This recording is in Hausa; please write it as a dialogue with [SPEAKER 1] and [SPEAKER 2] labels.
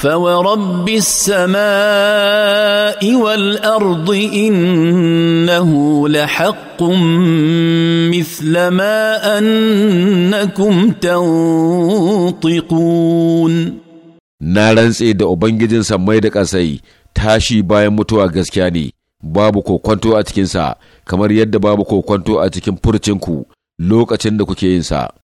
[SPEAKER 1] فورب السماء والارض انه لحق مثل ما انكم تنطقون na
[SPEAKER 2] rantse da ubangijin mai da ƙasai tashi bayan mutuwa gaskiya ne babu kokwanto a cikinsa kamar yadda babu kokwanto a cikin furcinku lokacin da kuke
[SPEAKER 3] yinsa